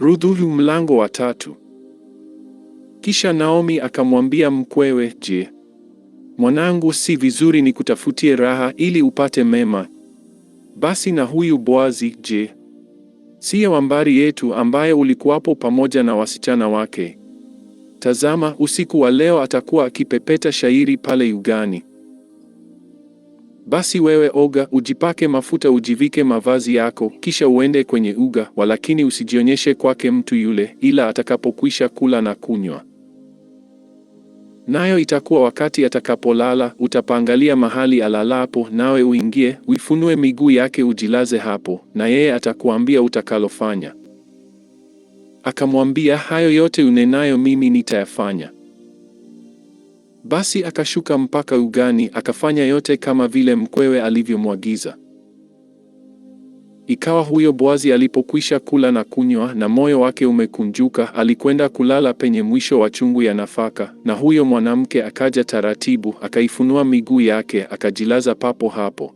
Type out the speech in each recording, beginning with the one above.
Rudhulu mlango wa tatu. Kisha Naomi akamwambia mkwewe, Je, mwanangu, si vizuri nikutafutie raha ili upate mema? Basi na huyu Boazi, je, siye wambari yetu ambaye ulikuwapo pamoja na wasichana wake? Tazama, usiku wa leo atakuwa akipepeta shairi pale yugani. Basi wewe oga, ujipake mafuta, ujivike mavazi yako, kisha uende kwenye uga, walakini usijionyeshe kwake mtu yule, ila atakapokwisha kula na kunywa nayo itakuwa wakati atakapolala, utapangalia mahali alalapo, nawe uingie uifunue miguu yake, ujilaze hapo, na yeye atakuambia utakalofanya. Akamwambia, hayo yote unenayo mimi nitayafanya. Basi akashuka mpaka ugani, akafanya yote kama vile mkwewe alivyomwagiza. Ikawa huyo Boazi alipokwisha kula na kunywa, na moyo wake umekunjuka, alikwenda kulala penye mwisho wa chungu ya nafaka, na huyo mwanamke akaja taratibu, akaifunua miguu yake, akajilaza papo hapo.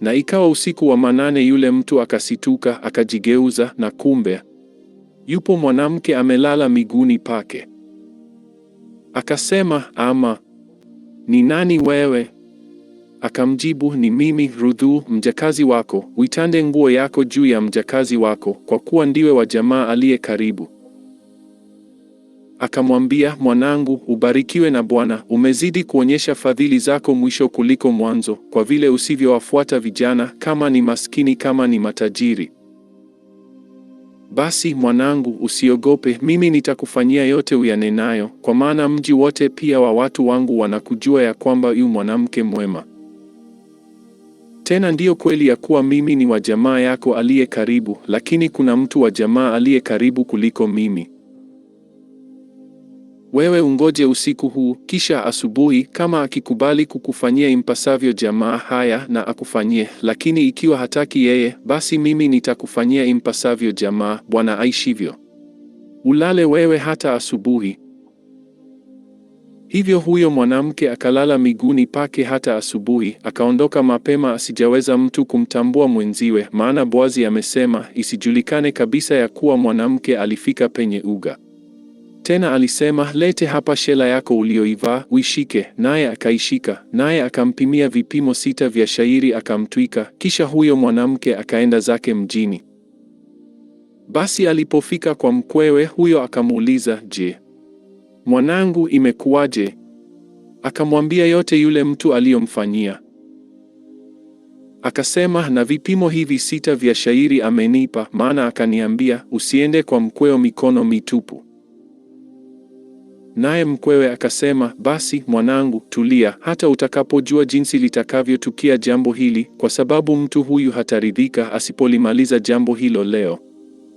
Na ikawa usiku wa manane, yule mtu akasituka, akajigeuza, na kumbe yupo mwanamke amelala miguuni pake. Akasema, ama ni nani wewe? Akamjibu, ni mimi Ruthu mjakazi wako, uitande nguo yako juu ya mjakazi wako, kwa kuwa ndiwe wa jamaa aliye karibu. Akamwambia, mwanangu, ubarikiwe na Bwana, umezidi kuonyesha fadhili zako mwisho kuliko mwanzo, kwa vile usivyowafuata vijana, kama ni maskini, kama ni matajiri. Basi mwanangu, usiogope, mimi nitakufanyia yote uyanenayo, kwa maana mji wote pia wa watu wangu wanakujua ya kwamba yu mwanamke mwema. Tena ndiyo kweli ya kuwa mimi ni wa jamaa yako aliye karibu, lakini kuna mtu wa jamaa aliye karibu kuliko mimi. Wewe ungoje usiku huu, kisha asubuhi, kama akikubali kukufanyia impasavyo jamaa haya na akufanyie; lakini ikiwa hataki yeye, basi mimi nitakufanyia impasavyo jamaa, Bwana aishivyo. Ulale wewe hata asubuhi. Hivyo huyo mwanamke akalala miguuni pake hata asubuhi, akaondoka mapema, asijaweza mtu kumtambua mwenziwe, maana Boazi amesema, isijulikane kabisa ya kuwa mwanamke alifika penye uga. Tena alisema, lete hapa shela yako uliyoivaa, uishike. Naye akaishika, naye akampimia vipimo sita vya shairi akamtwika, kisha huyo mwanamke akaenda zake mjini. Basi alipofika kwa mkwewe huyo akamuuliza, je, mwanangu, imekuwaje? Akamwambia yote yule mtu aliyomfanyia. Akasema, na vipimo hivi sita vya shairi amenipa, maana akaniambia, usiende kwa mkweo mikono mitupu. Naye mkwewe akasema, basi mwanangu, tulia, hata utakapojua jinsi litakavyotukia jambo hili, kwa sababu mtu huyu hataridhika asipolimaliza jambo hilo leo.